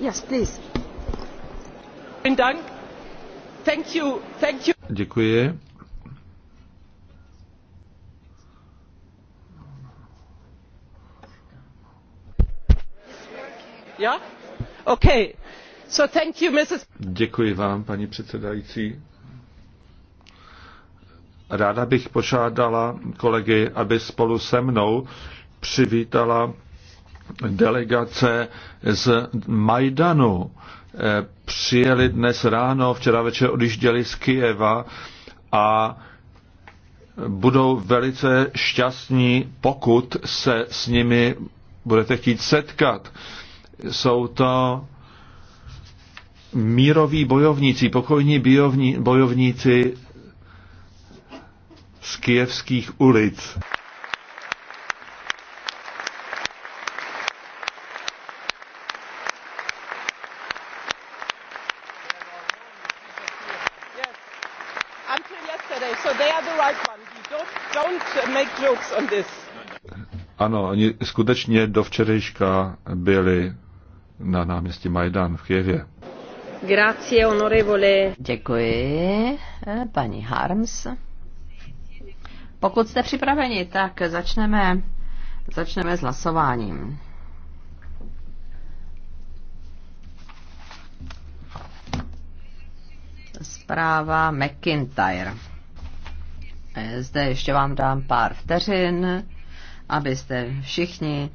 Děkuji. Děkuji vám, paní předsedající. Ráda bych požádala kolegy, aby spolu se mnou přivítala delegace z Majdanu e, přijeli dnes ráno, včera večer odjížděli z Kijeva a budou velice šťastní, pokud se s nimi budete chtít setkat. Jsou to míroví bojovníci, pokojní bojovníci z kijevských ulic. Ano, oni skutečně do včerejška byli na náměstí Majdan v Kijevě. Grazie, onorevole. Děkuji, paní Harms. Pokud jste připraveni, tak začneme, začneme s hlasováním. Zpráva McIntyre. Zde ještě vám dám pár vteřin, abyste všichni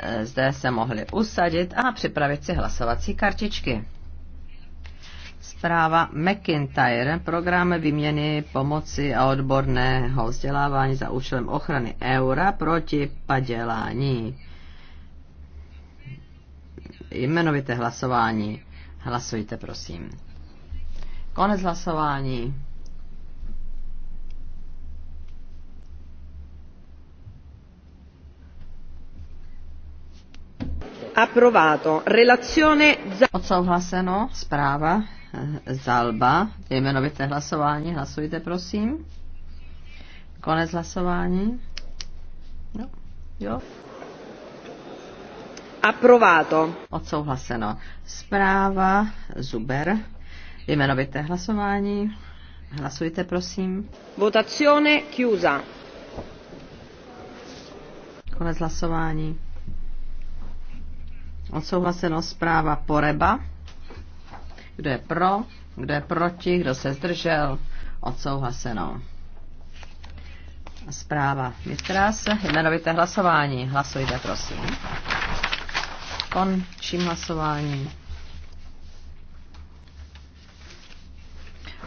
eh, zde se mohli usadit a připravit si hlasovací kartičky. Zpráva McIntyre, program výměny pomoci a odborného vzdělávání za účelem ochrany eura proti padělání. Jmenovité hlasování. Hlasujte, prosím. Konec hlasování. Approvato. Relazione Odsouhlaseno. Zpráva eh, Zalba. Jmenovité hlasování. Hlasujte, prosím. Konec hlasování. No. Jo. Approvato. Odsouhlaseno. Zpráva Zuber. Jmenovité hlasování. Hlasujte, prosím. Votazione chiusa. Konec hlasování. Odsouhlaseno zpráva Poreba. Kdo je pro, kdo je proti, kdo se zdržel. Odsouhlaseno. Zpráva Mitras. Jmenovité hlasování. Hlasujte, prosím. Končím hlasování.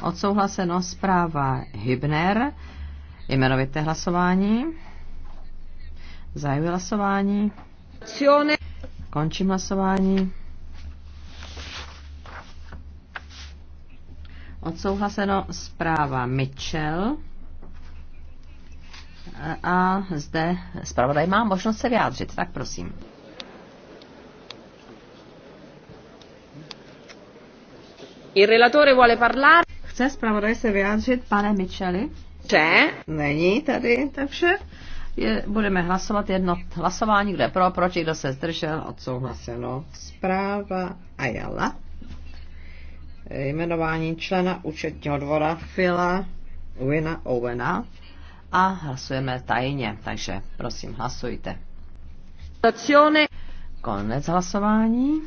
Odsouhlaseno zpráva Hybner. Jmenovité hlasování. Zajímavé hlasování. Končím hlasování. Odsouhlaseno zpráva Mitchell. A zde zpravodaj má možnost se vyjádřit, tak prosím. Il relatore vuole parlare. Chce zpravodaj se vyjádřit, pane Micheli? Ne, není tady, takže je, budeme hlasovat jedno hlasování, kde pro, proti, kdo se zdržel, odsouhlaseno. Zpráva Ayala. Jmenování člena účetního dvora Fila Wina Owena a hlasujeme tajně, takže prosím hlasujte. Konec hlasování.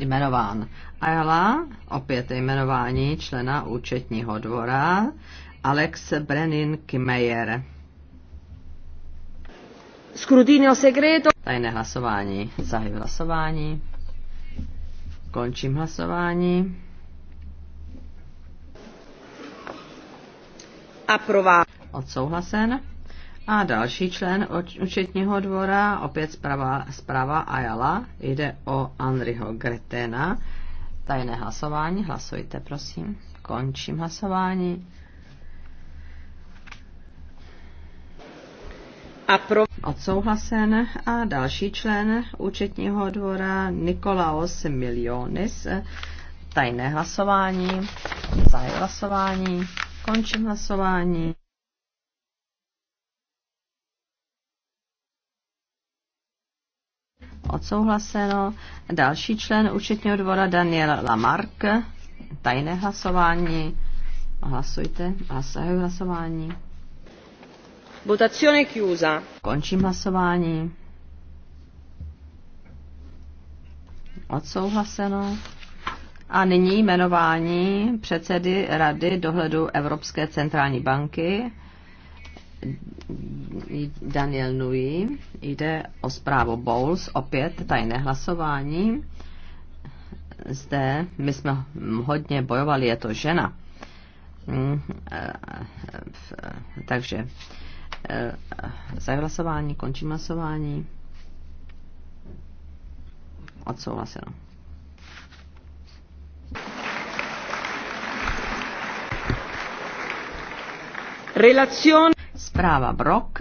jmenován. Ayala, opět jmenování člena účetního dvora, Alex Brenin Kimeyer. Skrutinio segreto. Tajné hlasování. Zahajuji hlasování. Končím hlasování. Aprová. Odsouhlasen. A další člen účetního dvora, opět zprava, zprava Ayala, jde o Andriho Gretena. Tajné hlasování, hlasujte prosím. Končím hlasování. A pro... Odsouhlasen a další člen účetního dvora Nikolaos Milionis. Tajné hlasování, zahájí hlasování, končím hlasování. odsouhlaseno. Další člen účetního dvora Daniel Lamarck, tajné hlasování. Hlasujte, hlasuji hlasování. Votazione chiusa. Končím hlasování. Odsouhlaseno. A nyní jmenování předsedy Rady dohledu Evropské centrální banky. Daniel Nui. Jde o zprávu Bowles, opět tajné hlasování. Zde my jsme hodně bojovali, je to žena. Mm, eh, takže eh, za hlasování, končím hlasování. Odsouhlaseno. Relazione Zpráva Brok.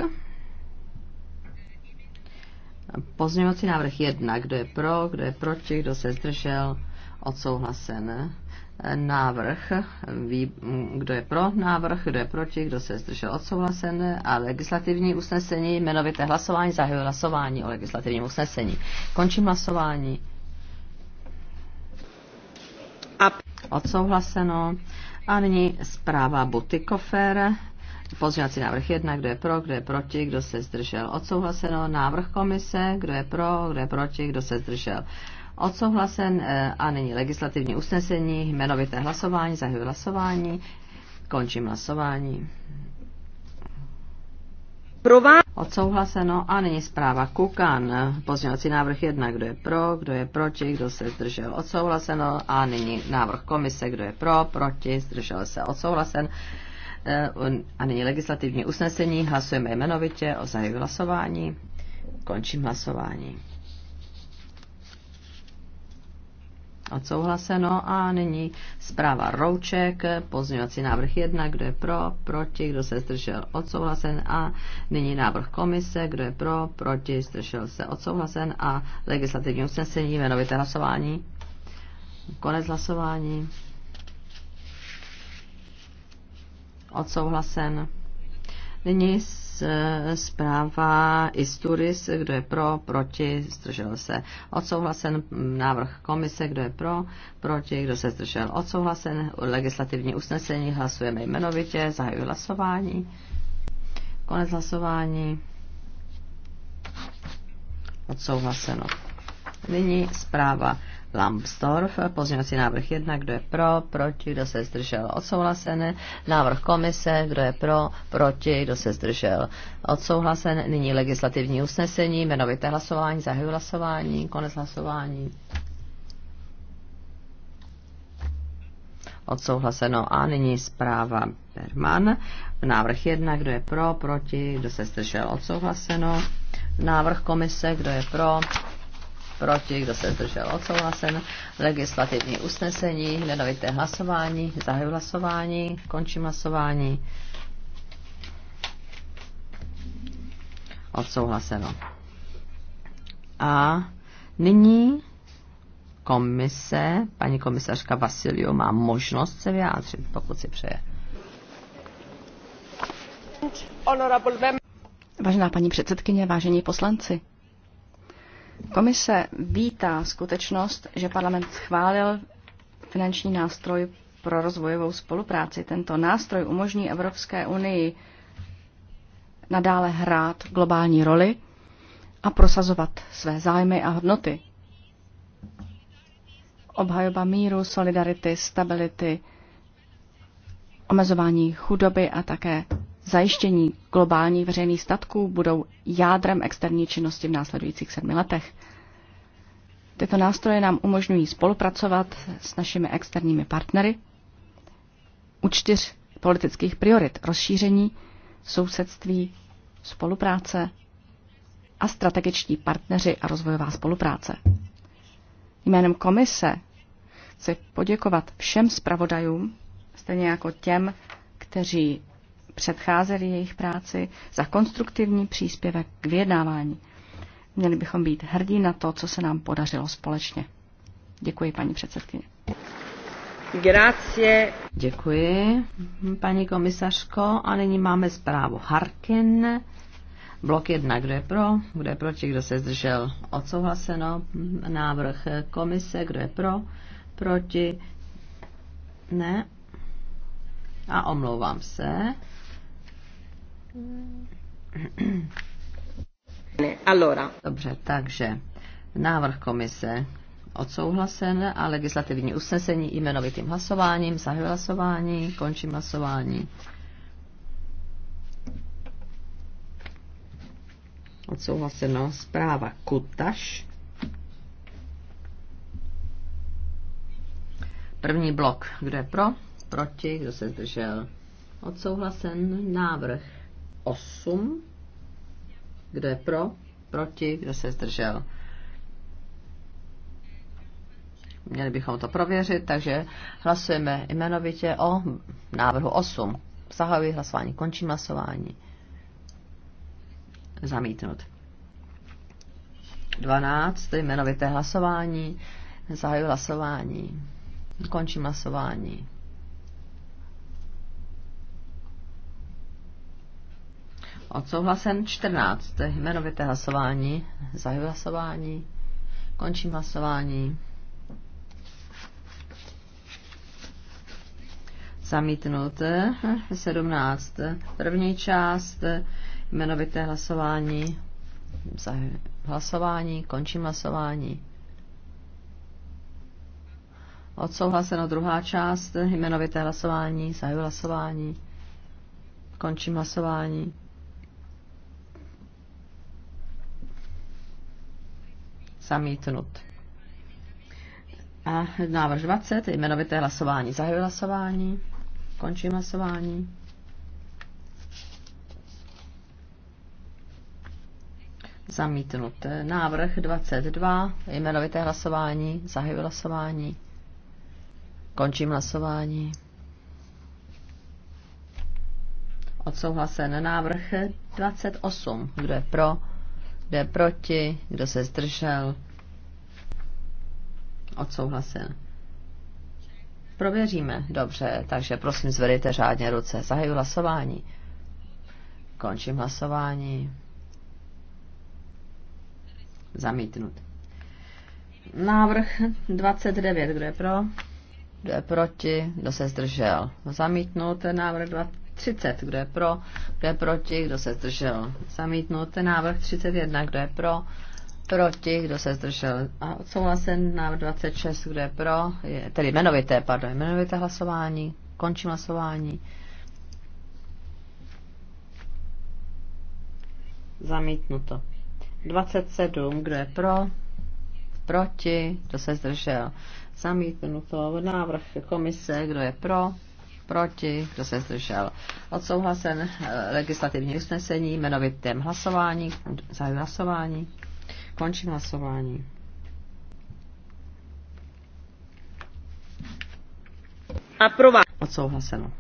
Pozměňovací návrh 1. Kdo je pro, kdo je proti, kdo se zdržel, odsouhlasen. Návrh, kdo je pro návrh, kdo je proti, kdo se zdržel, odsouhlasen. A legislativní usnesení, jmenovité hlasování, zahajuje hlasování o legislativním usnesení. Končím hlasování. Odsouhlaseno. A nyní zpráva Butikofer. Pozřívací návrh 1, kdo je pro, kdo je proti, kdo se zdržel. Odsouhlaseno návrh komise, kdo je pro, kdo je proti, kdo se zdržel. Odsouhlasen eh, a nyní legislativní usnesení, jmenovité hlasování, zahajuji hlasování, končím hlasování. Odsouhlaseno a nyní zpráva Kukan. Pozměňovací návrh 1, kdo je pro, kdo je proti, kdo se zdržel, odsouhlaseno a nyní návrh komise, kdo je pro, proti, zdržel se, odsouhlasen. Eh, a nyní legislativní usnesení. Hlasujeme jmenovitě o zahajování hlasování. Končím hlasování. Odsouhlaseno a nyní zpráva Rouček, pozměňovací návrh 1, kdo je pro, proti, kdo se zdržel, odsouhlasen a nyní návrh komise, kdo je pro, proti, zdržel se, odsouhlasen a legislativní usnesení, jmenovité hlasování, konec hlasování. odsouhlasen. Nyní eh, zpráva Isturis, kdo je pro, proti, zdržel se. Odsouhlasen návrh komise, kdo je pro, proti, kdo se zdržel. Odsouhlasen legislativní usnesení, hlasujeme jmenovitě, zahajuji hlasování. Konec hlasování. Odsouhlaseno. Nyní zpráva Lambsdorff. Pozměňovací návrh 1, kdo je pro, proti, kdo se zdržel, odsouhlasen. Návrh komise, kdo je pro, proti, kdo se zdržel, odsouhlasen. Nyní legislativní usnesení, jmenovité hlasování, zahajuji hlasování, konec hlasování. Odsouhlaseno a nyní zpráva Berman. Návrh 1, kdo je pro, proti, kdo se zdržel, odsouhlaseno. Návrh komise, kdo je pro, proti, kdo se zdržel odsouhlasen. Legislativní usnesení, jmenovité hlasování, zahajuji hlasování, končím hlasování. Odsouhlaseno. A nyní komise, paní komisařka Vasilio má možnost se vyjádřit, pokud si přeje. Vážená paní předsedkyně, vážení poslanci, Komise vítá skutečnost, že parlament schválil finanční nástroj pro rozvojovou spolupráci. Tento nástroj umožní Evropské unii nadále hrát globální roli a prosazovat své zájmy a hodnoty. Obhajoba míru, solidarity, stability, omezování chudoby a také zajištění globálních veřejných statků budou jádrem externí činnosti v následujících sedmi letech. Tyto nástroje nám umožňují spolupracovat s našimi externími partnery u čtyř politických priorit rozšíření, sousedství, spolupráce a strategičtí partneři a rozvojová spolupráce. Jménem komise chci poděkovat všem zpravodajům, stejně jako těm, kteří předcházeli jejich práci, za konstruktivní příspěvek k vyjednávání. Měli bychom být hrdí na to, co se nám podařilo společně. Děkuji, paní předsedkyně. Grazie. Děkuji, paní komisařko. A nyní máme zprávu Harkin. Blok 1, kdo je pro, kdo je proti, kdo se zdržel, odsouhlaseno. Návrh komise, kdo je pro, proti, ne. A omlouvám se. Allora. Dobře, takže návrh komise odsouhlasen a legislativní usnesení jmenovitým hlasováním. zahy hlasování, končím hlasování. Odsouhlaseno zpráva Kutaš. První blok. Kdo je pro? Proti? Kdo se zdržel? Odsouhlasen návrh 8. Kdo je pro? Proti? Kdo se zdržel? Měli bychom to prověřit, takže hlasujeme jmenovitě o návrhu 8. Zahajuji hlasování, končím hlasování. Zamítnut. 12. Jmenovité hlasování. Zahajuji hlasování. Končím hlasování. Odsouhlasen 14. Jmenovité hlasování. Zahajuji hlasování. Končím hlasování. Zamítnuté. 17. První část jmenovité hlasování. Zahajuji hlasování. Končím hlasování. Odsouhlaseno druhá část jmenovité hlasování. Zahajuji hlasování. Končím hlasování. zamítnut. A návrh 20, jmenovité hlasování. Zahajuji hlasování, končím hlasování. Zamítnut. Návrh 22, jmenovité hlasování, zahajuji hlasování, končím hlasování. Odsouhlasen návrh 28. Kdo je pro? Kdo je proti? Kdo se zdržel? Odsouhlasil. Prověříme. Dobře, takže prosím zvedejte řádně ruce. Zahaju hlasování. Končím hlasování. Zamítnut. Návrh 29. Kdo je pro? Kdo je proti? Kdo se zdržel? Zamítnut. Návrh 30, kdo je pro, kdo je proti, kdo se zdržel. Ten návrh 31, kdo je pro, proti, kdo se zdržel. A odsouhlasen návrh 26, kdo je pro, je, tedy jmenovité, pardon, jmenovité hlasování. Končím hlasování. Zamítnuto. 27, kdo je pro, proti, kdo se zdržel. Zamítnuto. Návrh komise, kdo je pro, proti, kdo se zdržel. Odsouhlasen eh, legislativní usnesení, jmenovitém hlasování, zahajuji hlasování, končím hlasování. A pro vás. Odsouhlaseno.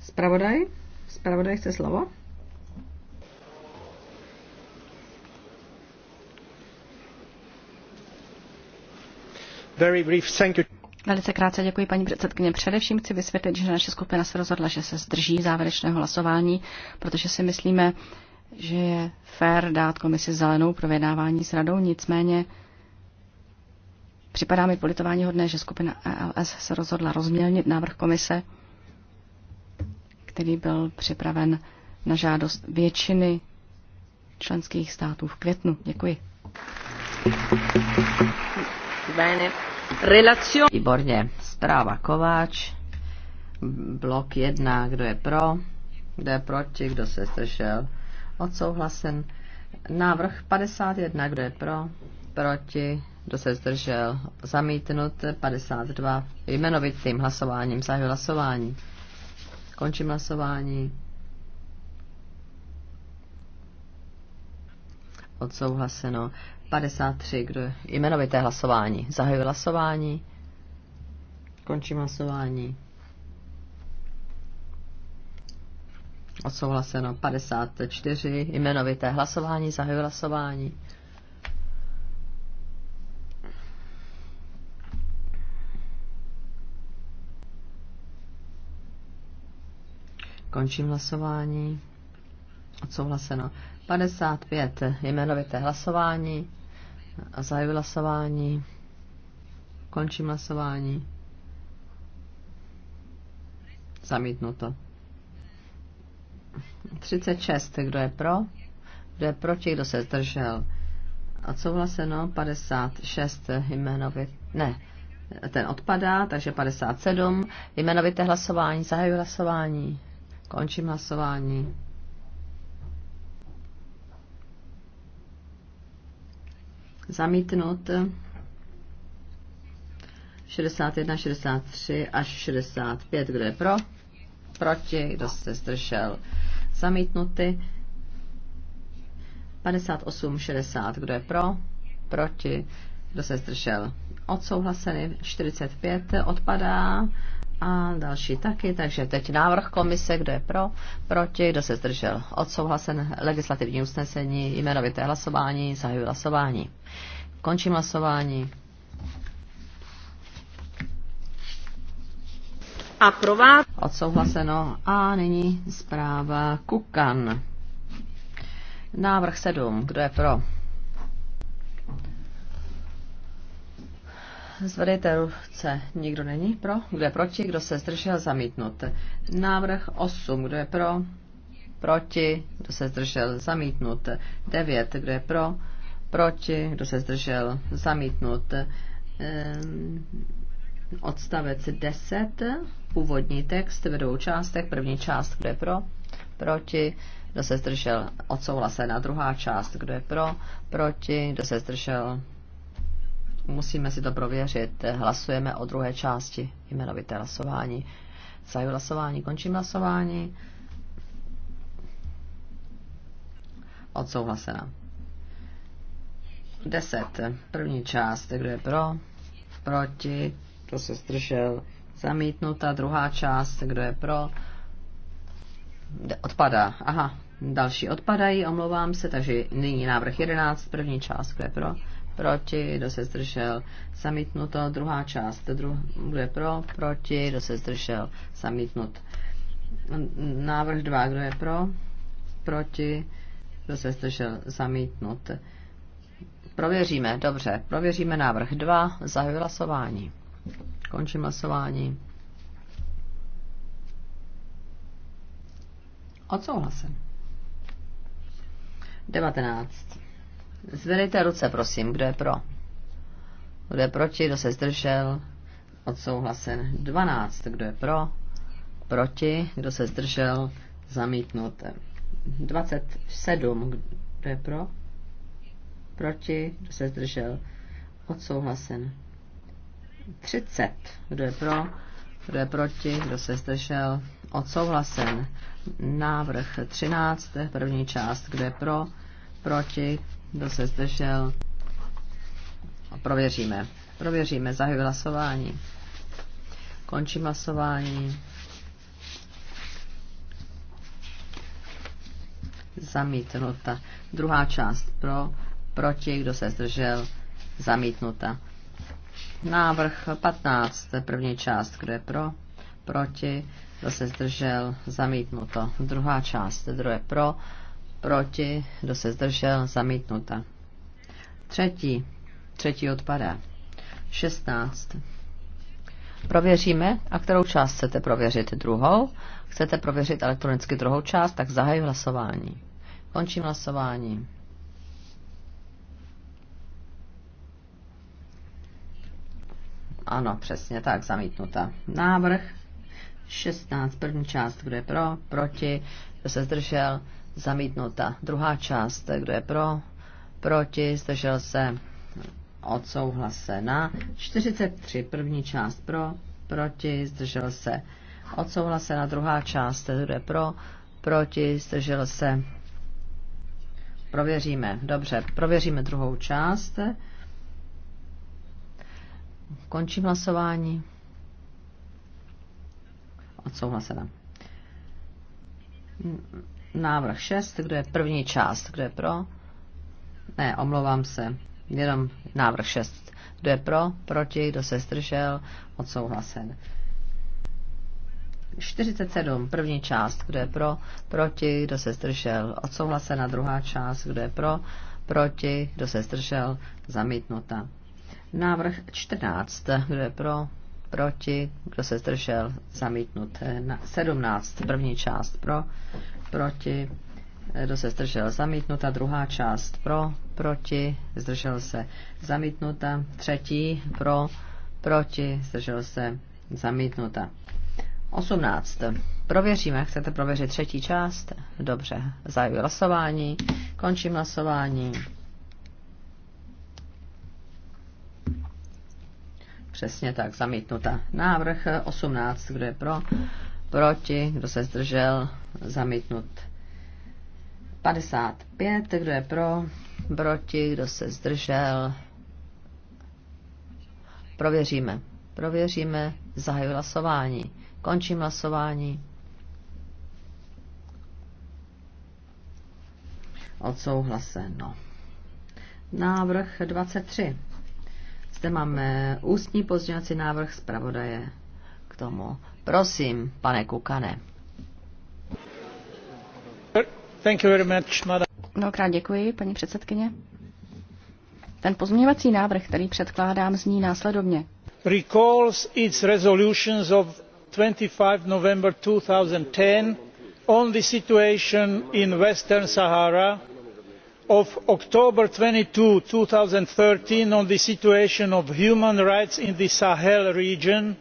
Spravodaj? Spravodaj chce slovo? Very brief, thank you. Velice krátce děkuji paní předsedkyně. Především chci vysvětlit, že naše skupina se rozhodla, že se zdrží závěrečného hlasování, protože si myslíme, že je fér dát komisi zelenou pro vědávání s radou. Nicméně připadá mi politování hodné, že skupina ELS se rozhodla rozmělnit návrh komise, který byl připraven na žádost většiny členských států v květnu. Děkuji. Bene. Relazione. Výborně. Zpráva Kováč. Blok 1. Kdo je pro? Kdo je proti? Kdo se zdržel? Odsouhlasen. Návrh 51. Kdo je pro? Proti? Kdo se zdržel? Zamítnut 52. Jmenovitým hlasováním. Zahajuji hlasování. Končím hlasování. odsouhlaseno. 53, kdo je jmenovité hlasování. Zahajuji hlasování. Končím hlasování. Odsouhlaseno 54, jmenovité hlasování, zahajuji hlasování. Končím hlasování. Odsouhlaseno 55 jmenovité hlasování. Zahajuji hlasování. Končím hlasování. Zamítnuto. 36. Kdo je pro? Kdo je proti? Kdo se zdržel? A co Odsouhlaseno 56 jmenovité. Ne, ten odpadá, takže 57. Jmenovité hlasování. Zahajuji hlasování. Končím hlasování. zamítnut 61, 63 až 65, kdo je pro, proti, kdo se zdržel, zamítnuty 58, 60, kdo je pro, proti, kdo se zdržel, odsouhlaseny 45, odpadá a další taky, takže teď návrh komise, kdo je pro, proti, kdo se zdržel. Odsouhlasen legislativní usnesení, jmenovité hlasování, zahajuji hlasování. Končím hlasování. A vás? Odsouhlaseno. A nyní zpráva Kukan. Návrh 7. Kdo je pro? zvedejte ruce. Nikdo není pro? Kdo je proti? Kdo se zdržel? Zamítnut. Návrh 8. Kdo je pro? Proti. Kdo se zdržel? Zamítnut. 9. Kdo je pro? Proti. Kdo se zdržel? Zamítnut. Ehm, odstavec 10. Původní text ve dvou částech. První část, kdo je pro? Proti. Kdo se zdržel? Odsouhlasená druhá část. Kdo je pro? Proti. Kdo se zdržel? musíme si to prověřit. Hlasujeme o druhé části jmenovité hlasování. Zaju hlasování, končím hlasování. Odsouhlasena. 10. První část, kdo je pro, proti, kdo se zdržel, zamítnuta. Druhá část, kdo je pro, odpadá. Aha, další odpadají, omlouvám se, takže nyní návrh 11, první část, kdo je pro, proti, kdo se zdržel, zamítnuto, druhá část, dru, kdo je pro, proti, kdo se zdržel, zamítnut. Návrh dva, kdo je pro, proti, kdo se zdržel, zamítnut. Prověříme, dobře, prověříme návrh dva, zahajuji hlasování. Končím hlasování. Odsouhlasen. 19. Zvedejte ruce, prosím, kdo je pro. Kdo je proti, kdo se zdržel? Odsouhlasen 12. Kdo je pro? Proti, kdo se zdržel? Zamítnut. 27. Kdo je pro? Proti, kdo se zdržel? Odsouhlasen. 30. Kdo je pro? Kdo je proti? Kdo se zdržel? Odsouhlasen. Návrh 13. První část. Kdo je pro? Proti? Kdo se zdržel? A prověříme. Prověříme. Zahajuji hlasování. Končím hlasování. Zamítnuta. Druhá část pro, proti, kdo se zdržel, zamítnuta. Návrh 15, první část, kdo je pro, proti, kdo se zdržel, zamítnuto. Druhá část, kdo je pro, proti, kdo se zdržel, zamítnuta. Třetí, třetí odpadá. 16. Prověříme. A kterou část chcete prověřit? Druhou? Chcete prověřit elektronicky druhou část? Tak zahaj hlasování. Končím hlasování. Ano, přesně tak, zamítnuta. Návrh 16, první část, kdo je pro, proti, kdo se zdržel, zamítnuta. Druhá část, kdo je pro, proti, zdržel se, odsouhlasena. 43, první část pro, proti, zdržel se, odsouhlasena. Druhá část, kdo je pro, proti, zdržel se. Prověříme, dobře, prověříme druhou část. Končím hlasování. Odsouhlasena návrh 6, kdo je první část, kdo je pro? Ne, omlouvám se, jenom návrh 6. Kdo je pro, proti, kdo se zdržel, odsouhlasen. 47, první část, kdo je pro, proti, kdo se zdržel, odsouhlasena, druhá část, kdo je pro, proti, kdo se zdržel, zamítnuta. Návrh 14, kdo je pro, proti, kdo se zdržel, zamítnut. 17, první část pro, proti, kdo se zdržel zamítnuta, druhá část pro, proti, zdržel se zamítnuta, třetí pro, proti, zdržel se zamítnuta. 18. Prověříme, chcete prověřit třetí část? Dobře, zahajuji hlasování, končím hlasování. Přesně tak, zamítnuta. Návrh 18, kdo je pro? proti, kdo se zdržel, zamítnut. 55, kdo je pro, proti, kdo se zdržel. Prověříme. Prověříme, zahajuji hlasování. Končím hlasování. Odsouhlaseno. Návrh 23. Zde máme ústní pozdňovací návrh zpravodaje tomu. Prosím, pane Kukane. Thank you very much, Mnohokrát děkuji, paní předsedkyně. Ten pozměňovací návrh, který předkládám, zní následovně. Recalls its resolutions of 25 November 2010 on the situation in Western Sahara of october on the situation of human rights in the sahel region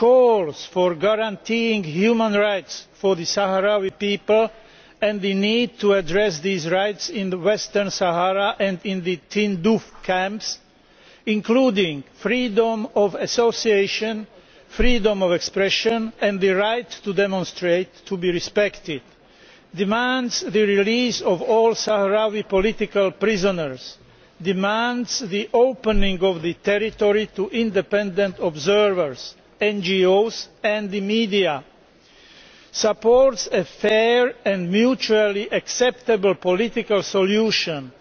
calls for guaranteeing human rights for the sahrawi people and the need to address these rights in the western sahara and in the tindouf camps including freedom of association freedom of expression and the right to demonstrate to be respected; demands the release of all sahrawi political prisoners; demands the opening of the territory to independent observers; ngos and the media supports a fair and mutually acceptable political solution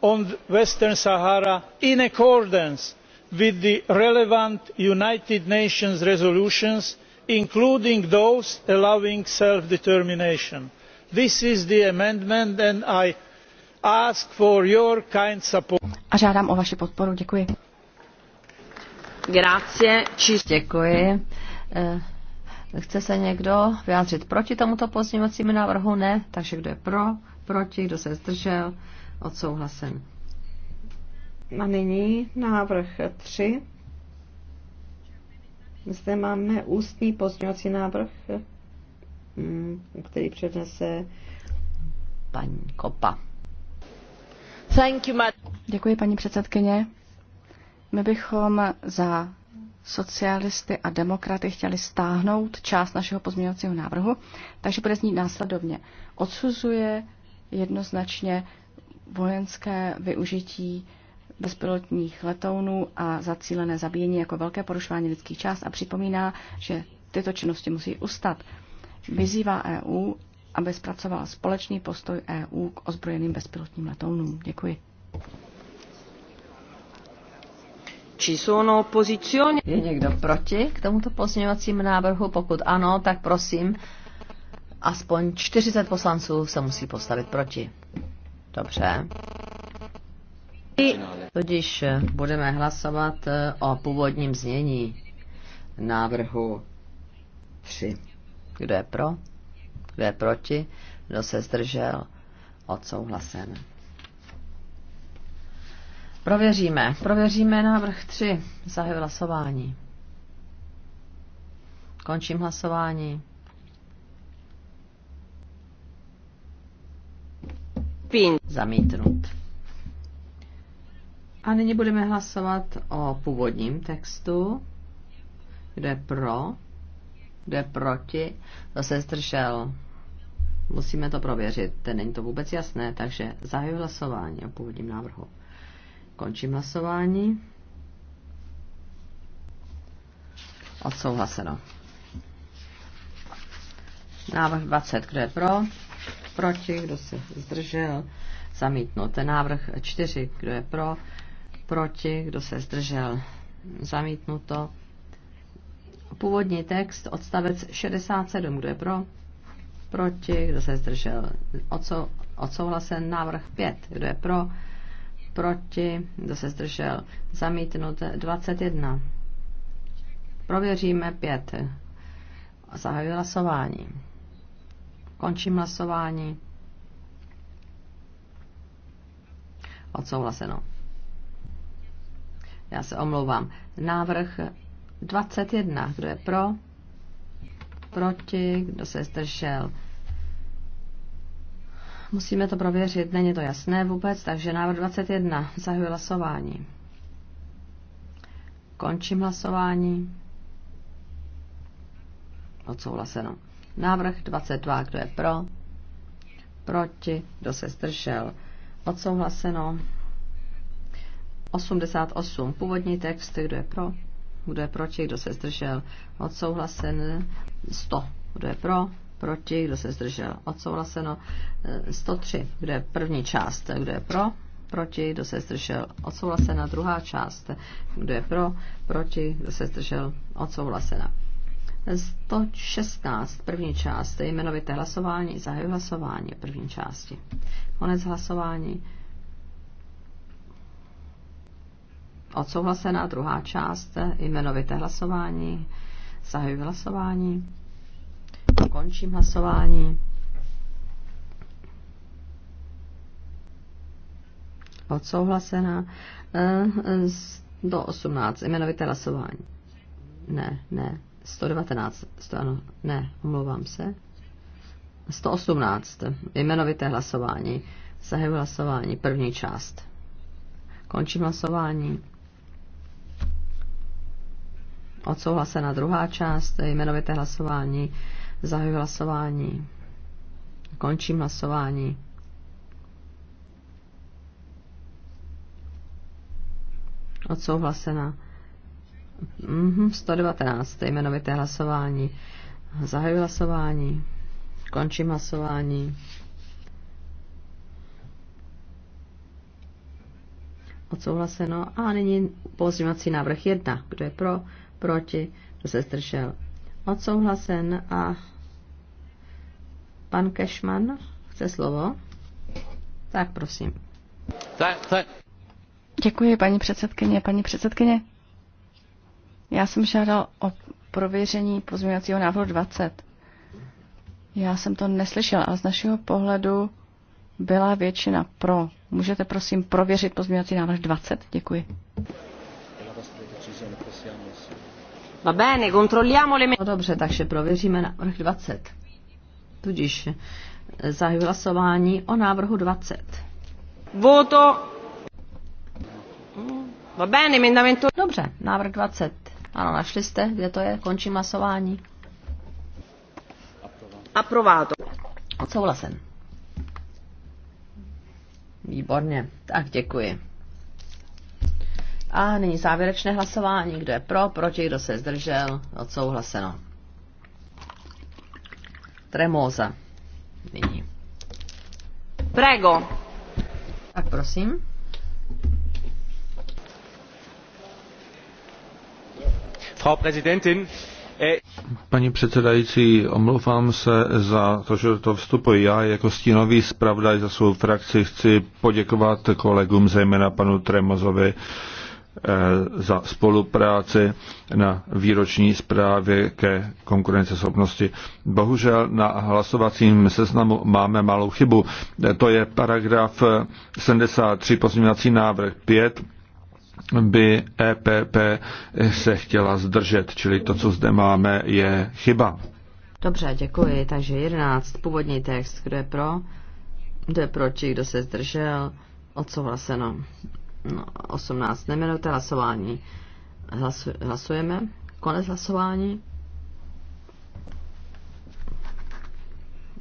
on western sahara in accordance with the relevant united nations resolutions including those allowing self determination. this is the amendment and i ask for your kind support. Grazie. Ci... Děkuji. Eh, chce se někdo vyjádřit proti tomuto pozměňovacímu návrhu? Ne. Takže kdo je pro? Proti? Kdo se zdržel? Odsouhlasen. A nyní návrh 3. Zde máme ústní pozměňovací návrh, mm, který přednese paní Kopa. Děkuji, paní předsedkyně. My bychom za socialisty a demokraty chtěli stáhnout část našeho pozměňovacího návrhu, takže bude znít následovně. Odsuzuje jednoznačně vojenské využití bezpilotních letounů a zacílené zabíjení jako velké porušování lidských část a připomíná, že tyto činnosti musí ustat. Vyzývá EU, aby zpracovala společný postoj EU k ozbrojeným bezpilotním letounům. Děkuji. Je někdo proti k tomuto pozměňovacímu návrhu? Pokud ano, tak prosím, aspoň 40 poslanců se musí postavit proti. Dobře. Tudíž eh, budeme hlasovat eh, o původním znění návrhu 3. Kdo je pro? Kdo je proti? Kdo se zdržel? Odsouhlasen. Prověříme. Prověříme návrh 3. Zahajuji hlasování. Končím hlasování. Pín. Zamítnut. A nyní budeme hlasovat o původním textu. Kde je pro? Kde je proti? To se zdržel? Musíme to prověřit. Není to vůbec jasné, takže zahajuji hlasování o původním návrhu. Končím hlasování. Odsouhlaseno. Návrh 20, kdo je pro? Proti, kdo se zdržel? Ten Návrh 4, kdo je pro? Proti, kdo se zdržel? Zamítnuto. Původní text, odstavec 67, kdo je pro? Proti, kdo se zdržel? odsouhlasen návrh 5, kdo je pro? proti, kdo se zdržel, zamítnut 21. Prověříme 5. Zahajuji hlasování. Končím hlasování. Odsouhlaseno. Já se omlouvám. Návrh 21. Kdo je pro? Proti? Kdo se zdržel? Musíme to prověřit, není to jasné vůbec, takže návrh 21. Zahajuji hlasování. Končím hlasování. Odsouhlaseno. Návrh 22. Kdo je pro? Proti? Kdo se zdržel? Odsouhlaseno. 88. Původní text. Kdo je pro? Kdo je proti? Kdo se zdržel? Odsouhlasen. 100. Kdo je pro? proti, kdo se zdržel, odsouhlaseno. 103, e, kde je první část, kdo je pro, proti, kdo se zdržel, odsouhlasena. Druhá část, kdo je pro, proti, kdo se zdržel, odsouhlasena. 116, první část, jmenovité hlasování, zahajuji hlasování první části. Konec hlasování. Odsouhlasená druhá část, jmenovité hlasování, zahajuji hlasování. Končím hlasování. Odsouhlasena. Eh, eh, do 18. Jmenovité hlasování. Ne, ne. 119. 100, ano, ne, omlouvám se. 118. Jmenovité hlasování. Zahajuji hlasování. První část. Končím hlasování. Odsouhlasena druhá část. Jmenovité hlasování. Zahajuji hlasování. Končím hlasování. Odsouhlasena. Mm-hmm, 119. Jmenovité hlasování. Zahajuji hlasování. Končím hlasování. Odsouhlaseno. A nyní pozměňovací návrh 1. Kdo je pro? Proti? Kdo se zdržel? Odsouhlasen a Pan Kešman chce slovo? Tak prosím. Tak, tak. Děkuji, paní předsedkyně. Paní předsedkyně, já jsem žádal o prověření pozměňovacího návrhu 20. Já jsem to neslyšel, ale z našeho pohledu byla většina pro. Můžete prosím prověřit pozměňovací návrh 20? Děkuji. No dobře, takže prověříme návrh 20. Tudíž zahajuji hlasování o návrhu 20. Voto. Dobře, návrh 20. Ano, našli jste, kde to je? Končím hlasování. Aprováto. Odsouhlasen. Výborně, tak děkuji. A nyní závěrečné hlasování. Kdo je pro, proti, kdo se zdržel, odsouhlaseno. Tremosa. Nyní. Prego. Tak prosím. Frau Präsidentin, eh, Paní předsedající, omlouvám se za to, že to vstupuji. Já jako stínový zpravodaj za svou frakci chci poděkovat kolegům, zejména panu Tremozovi, Eh, za spolupráci na výroční zprávě ke konkurenceschopnosti. Bohužel na hlasovacím seznamu máme malou chybu. Eh, to je paragraf 73 eh, pozměňovací návrh 5 by EPP se chtěla zdržet, čili to, co zde máme, je chyba. Dobře, děkuji. Takže 11, původní text, kdo je pro, kdo je proti, kdo se zdržel, odsouhlaseno. 18 no, neminute hlasování. Hlasu, hlasujeme. Konec hlasování.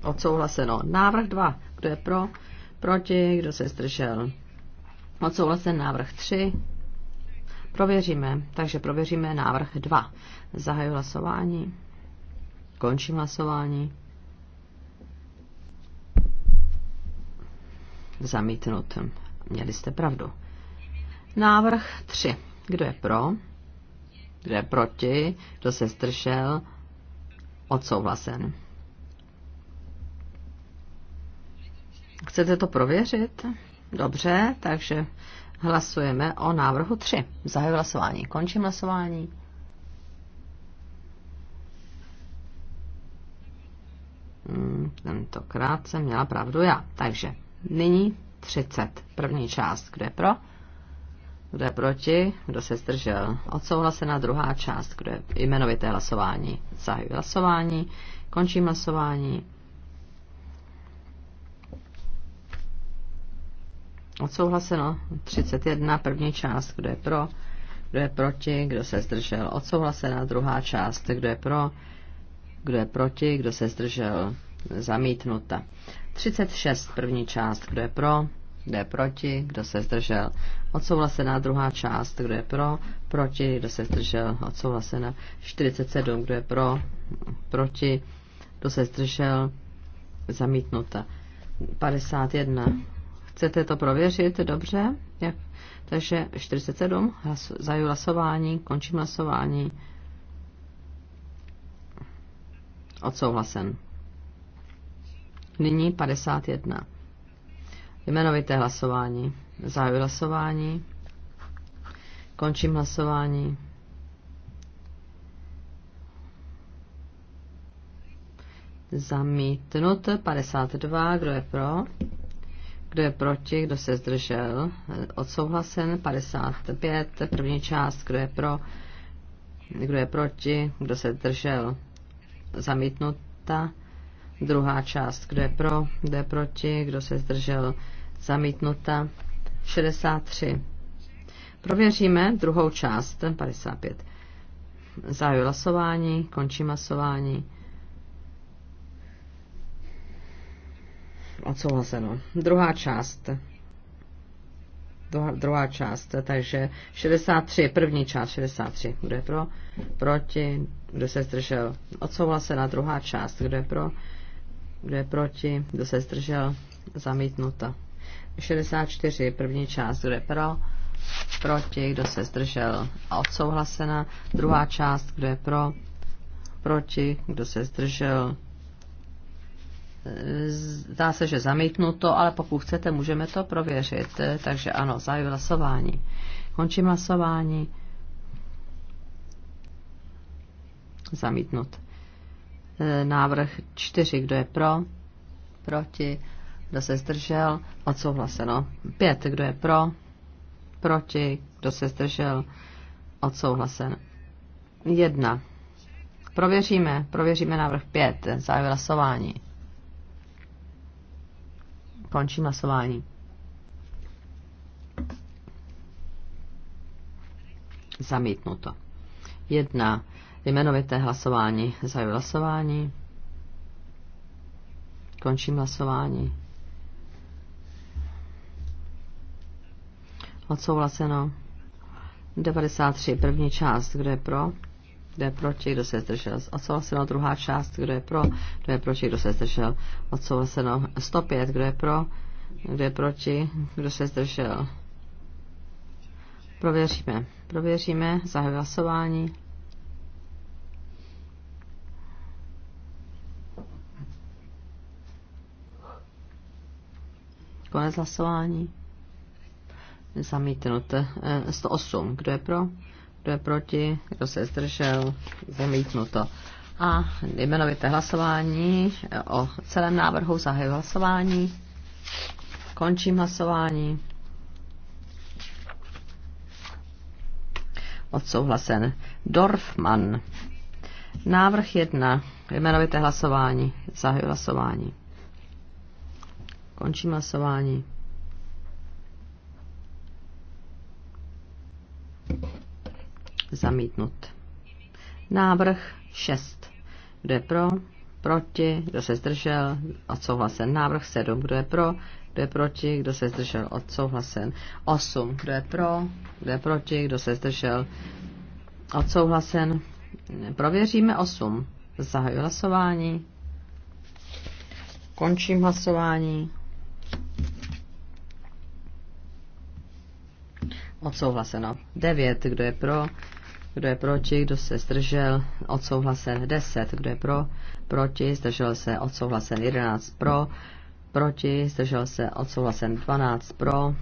Odsouhlaseno. Návrh 2. Kdo je pro? Proti? Kdo se zdržel? Odsouhlasen návrh 3. Prověříme. Takže prověříme návrh 2. Zahaju hlasování. Končím hlasování. Zamítnut. Měli jste pravdu. Návrh 3. Kdo je pro? Kdo je proti? Kdo se zdržel? Odsouhlasen. Chcete to prověřit? Dobře, takže hlasujeme o návrhu 3. Zahajuji hlasování. Končím hlasování. Hmm, tentokrát jsem měla pravdu já. Takže nyní 30. První část. Kdo je pro? Kdo je proti? Kdo se zdržel? Odsouhlasená druhá část, kdo je jmenovité hlasování. Zahajuji hlasování, končím hlasování. Odsouhlaseno 31, první část, kdo je pro, kdo je proti, kdo se zdržel. Odsouhlasená druhá část, kdo je pro, kdo je proti, kdo se zdržel. Zamítnuta. 36, první část, kdo je pro, kdo je proti, kdo se zdržel. Odsouhlasená druhá část, kdo je pro, proti, kdo se zdržel. Odsouhlasená 47, kdo je pro, proti, kdo se zdržel. Zamítnuta. 51. Chcete to prověřit? Dobře. Jak? Takže 47. Hlas, zaju hlasování, končím hlasování. Odsouhlasen. Nyní 51. Jmenovité hlasování. Zahajuji hlasování. Končím hlasování. Zamítnut 52. Kdo je pro? Kdo je proti? Kdo se zdržel? Odsouhlasen 55. První část. Kdo je pro? Kdo je proti? Kdo se zdržel? Zamítnuta Druhá část, kdo je pro, kdo je proti, kdo se zdržel, zamítnuta. 63. Prověříme druhou část, 55. končí hlasování, končím hlasování. Odsouhlaseno. Druhá část. Druhá část, takže 63, první část 63. Kdo je pro? Proti? Kdo se zdržel? Odsouhlasena druhá část. Kdo je pro? Kdo je proti? Kdo se zdržel? Zamítnuto. 64. První část. Kdo je pro? Proti. Kdo se zdržel? A odsouhlasena. Druhá část. Kdo je pro? Proti. Kdo se zdržel? E, zdá se, že zamítnuto, ale pokud chcete, můžeme to prověřit. E, takže ano, zahajuji hlasování. Končím hlasování. Zamítnut. E, návrh 4, kdo je pro? Proti. Kdo se zdržel? Odsouhlaseno. 5, kdo je pro? Proti. Kdo se zdržel? Odsouhlasen. 1. Prověříme, prověříme návrh 5, zájem hlasování. Končím hlasování. Zamítnuto. 1 jmenovité hlasování. Zajím hlasování. Končím hlasování. Odsouhlaseno. 93. První část. Kdo je pro? Kdo je proti? Kdo se zdržel? Odsouhlaseno. Druhá část. Kdo je pro? Kdo je proti? Kdo se zdržel? Odsouhlaseno. 105. Kdo je pro? Kdo je proti? Kdo se zdržel? Prověříme. Prověříme. Zahajuji hlasování. Konec hlasování. Zamítnut. 108. Eh, Kdo je pro? Kdo je proti? Kdo se zdržel? Zamítnuto. A jmenovité hlasování eh, o celém návrhu zahajuji hlasování. Končím hlasování. Odsouhlasen. Dorfman. Návrh 1. Jmenovité hlasování. Zahajuji hlasování. Končím hlasování. Zamítnut. Návrh 6. Kdo je pro? Proti? Kdo se zdržel? Odsouhlasen. Návrh 7. Kdo je pro? Kdo je proti? Kdo se zdržel? Odsouhlasen. 8. Kdo je pro? Kdo je proti? Kdo se zdržel? Odsouhlasen. Prověříme 8. Zahajuji hlasování. Končím hlasování. Odsouhlaseno. 9. Kdo je pro? Kdo je proti? Kdo se zdržel? Odsouhlasen. 10. Kdo je pro? Proti? Zdržel se? Odsouhlasen. 11. Pro? Proti? Zdržel se? Odsouhlasen. 12. Pro?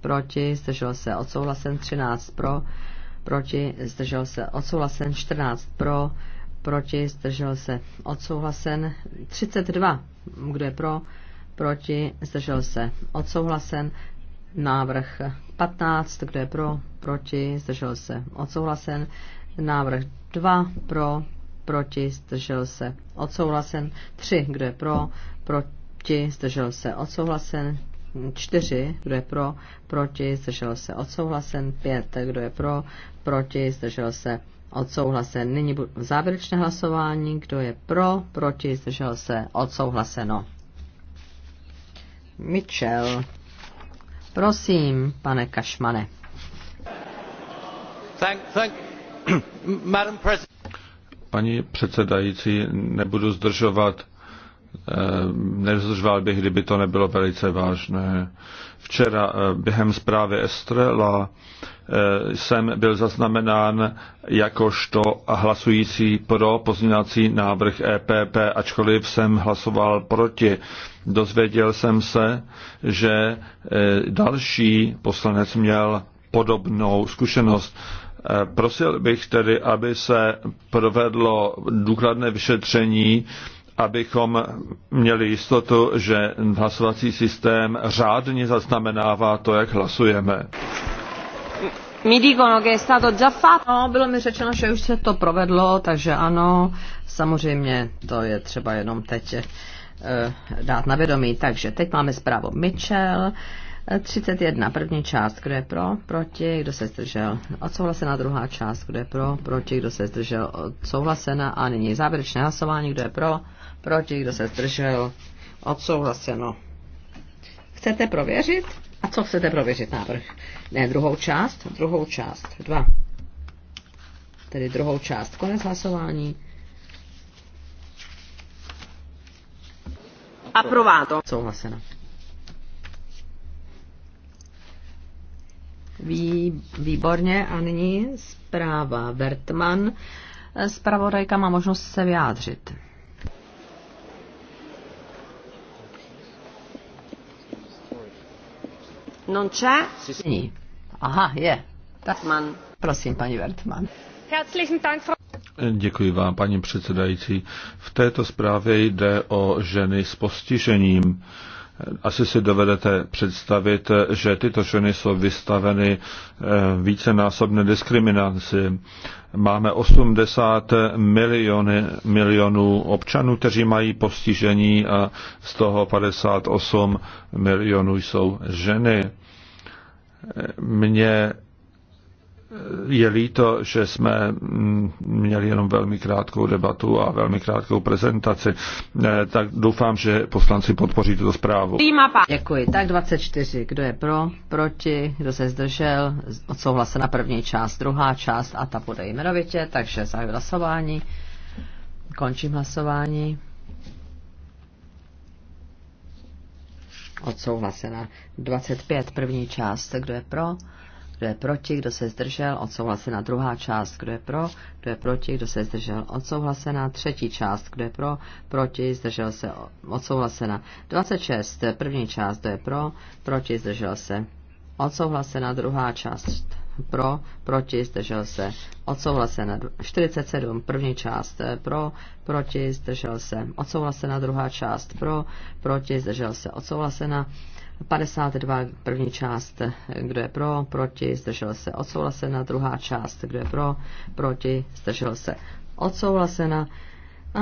Proti? Zdržel se? Odsouhlasen. 13. Pro? Proti? Zdržel se? Odsouhlasen. 14. Pro? Proti? Zdržel se? Odsouhlasen. 32. Kdo je pro? Proti? Zdržel se? Odsouhlasen. Návrh 15, kdo je pro, proti, zdržel se, odsouhlasen. Návrh 2, pro, proti, zdržel se, odsouhlasen. 3, kdo je pro, proti, zdržel se, odsouhlasen. 4, kdo je pro, proti, zdržel se, odsouhlasen. 5, kdo je pro, proti, zdržel se, odsouhlasen. Nyní závěrečné hlasování, kdo je pro, proti, zdržel se, odsouhlaseno. Mitchell. Prosím, pane Kašmane. Thank, thank, Madam Paní předsedající, nebudu zdržovat eh, nezdržoval bych, kdyby to nebylo velice vážné. Včera eh, během zprávy Estrela eh, jsem byl zaznamenán jakožto hlasující pro pozměňovací návrh EPP, ačkoliv jsem hlasoval proti. Dozvěděl jsem se, že e, další poslanec měl podobnou zkušenost. E, prosil bych tedy, aby se provedlo důkladné vyšetření, abychom měli jistotu, že hlasovací systém řádně zaznamenává to, jak hlasujeme. Mi dicono che è stato già fatto. No, bylo mi řečeno, že už se to provedlo, takže ano, samozřejmě to je třeba jenom teď Eh, dát na vědomí. Takže teď máme zprávu Mitchell. 31. Eh, první část, kdo je pro, proti, kdo se zdržel, odsouhlasena. Druhá část, kdo je pro, proti, kdo se zdržel, odsouhlasena. A nyní závěrečné hlasování, kdo je pro, proti, kdo se zdržel, odsouhlaseno. Chcete prověřit? A co chcete prověřit návrh? Ne, druhou část, druhou část, dva. Tedy druhou část, konec hlasování. Approvato. Souhlaseno. Vý, výborně a nyní zpráva Vertman. Zpravodajka má možnost se vyjádřit. Non c'è? Aha, je. Vertman. Prosím, paní Vertman. Herzlichen Dank, Děkuji vám, paní předsedající. V této zprávě jde o ženy s postižením. Asi si dovedete představit, že tyto ženy jsou vystaveny eh, vícenásobné diskriminaci. Máme 80 miliony, milionů občanů, kteří mají postižení a z toho 58 milionů jsou ženy. Mně je líto, že jsme mm, měli jenom velmi krátkou debatu a velmi krátkou prezentaci. Eh, tak doufám, že poslanci podpoří tuto zprávu. Děkuji. Tak 24. Kdo je pro, proti, kdo se zdržel, odsouhlasena první část, druhá část a ta bude jmenovitě, takže zahajuji hlasování. Končím hlasování. Odsouhlasena. 25. První část. Kdo je pro? kdo je proti, kdo se zdržel, odsouhlasena druhá část, kdo je pro, kdo je proti, kdo se zdržel, odsouhlasena třetí část, kdo je pro, proti, zdržel se, odsouhlasena 26, první část, kdo je pro, proti, zdržel se, odsouhlasena druhá část, pro, proti, zdržel se, odsouhlasena 47, první část, pro, proti, zdržel se, odsouhlasena druhá část, pro, proti, zdržel se, odsouhlasena 52, první část, kdo je pro, proti, zdržel se, odsouhlasena, druhá část, kdo je pro, proti, zdržel se, odsouhlasena. A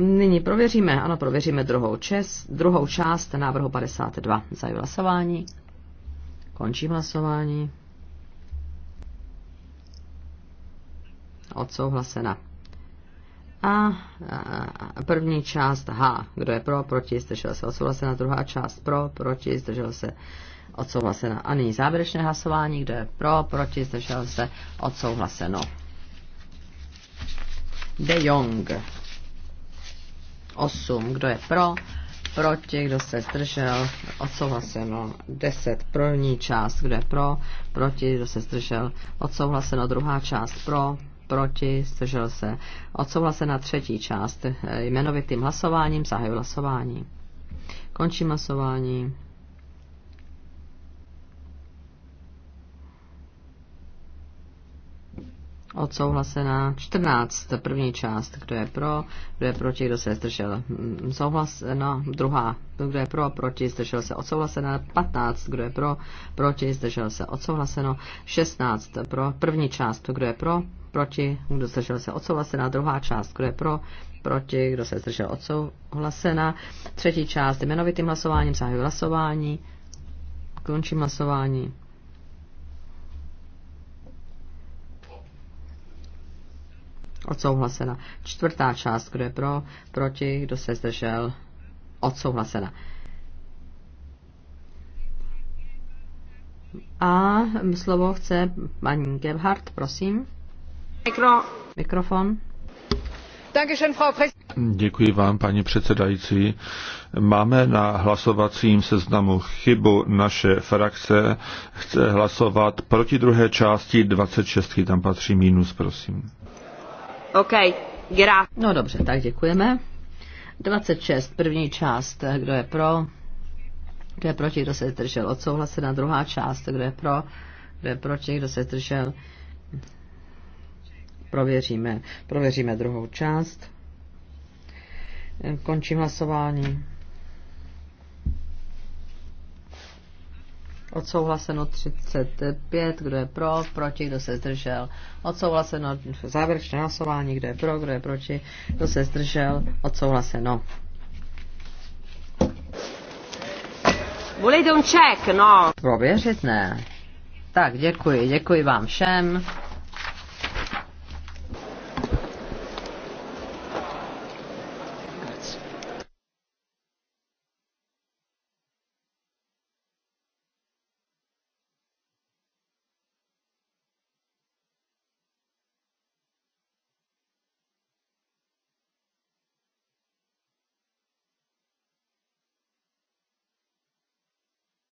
nyní prověříme, ano, prověříme druhou, čes, druhou část návrhu 52. Zajím hlasování. Končím hlasování. Odsouhlasena. A první část H. Kdo je pro, proti, zdržel se, odsouhlasena. Druhá část pro, proti, zdržel se, odsouhlasena. A nyní závěrečné hlasování. Kdo je pro, proti, zdržel se, odsouhlaseno. De Jong. 8. Kdo je pro, proti, kdo se zdržel, odsouhlaseno 10, první část, kdo je pro, proti, kdo se zdržel, odsouhlaseno druhá část, pro, proti, zdržel se. Odsouhlasena třetí část eh, jmenovitým hlasováním, zahajuji hlasování. Končím hlasování. Odsouhlasená 14. První část. Kdo je pro, kdo je proti, kdo se zdržel. Mm, Souhlasená druhá. Kdo je pro, proti, zdržel se. Odsouhlasená 15. Kdo je pro, proti, zdržel se. Odsouhlaseno 16. Pro první část. Kdo je pro, proti, kdo zdržel se odsouhlasená, druhá část, kdo je pro, proti, kdo se zdržel odsouhlasená, třetí část jmenovitým hlasováním, zahajuji hlasování, končím hlasování. Odsouhlasena. Čtvrtá část, kdo je pro, proti, kdo se zdržel, odsouhlasena. A slovo chce paní Gebhardt, prosím. Mikrofon. Děkuji vám, paní předsedající. Máme na hlasovacím seznamu chybu. Naše frakce chce hlasovat proti druhé části 26. Tam patří mínus, prosím. OK, gra. No dobře, tak děkujeme. 26, první část, kdo je pro, kdo je proti, kdo se zdržel, odsouhlasená druhá část, kdo je pro, kdo je proti, kdo se zdržel, prověříme. Prověříme druhou část. Končím hlasování. Odsouhlaseno 35, kdo je pro, proti, kdo se zdržel. Odsouhlaseno závěrečné hlasování, kdo je pro, kdo je proti, kdo se zdržel. Odsouhlaseno. Volejte to check, no. Prověřit ne. Tak, děkuji, děkuji vám všem.